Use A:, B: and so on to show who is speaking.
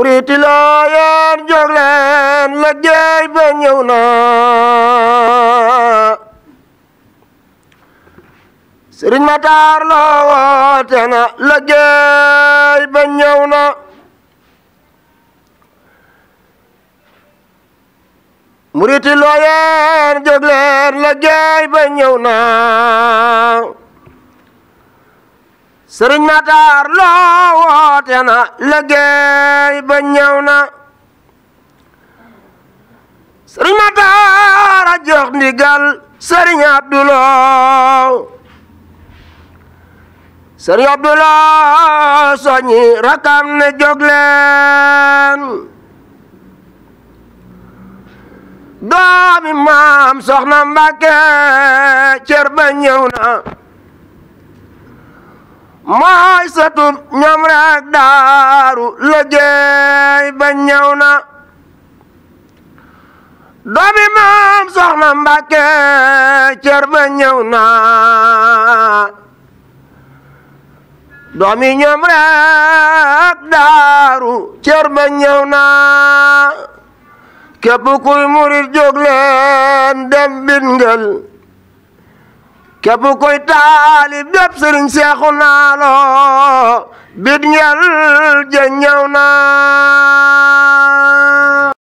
A: xuriti looyeen jóg leen la jéey ba ñëw na sëriñ Mataar Lo woote na la jéey ba ñëw na muriti looyeen leen la jéey ba ñëw na sëriñ Matar loo woote na liggéey ba na sëriñ Matar a jox ndigal sëriñ Abdoulaye sëriñ Abdoulaye soñi rakam ne jóg doomi maam soxna Mbàkke cër ba ñëw na mooy satub ñoom rek daaru liggéey ba ñëw na doomi maam soxna Mbàkke cër ba ñëw na doomi ñoom rek daaru cër ba ñëw na képp kuy murit jóg dem bingel képp koy taalib bépp sëriñ bit ñel jë naa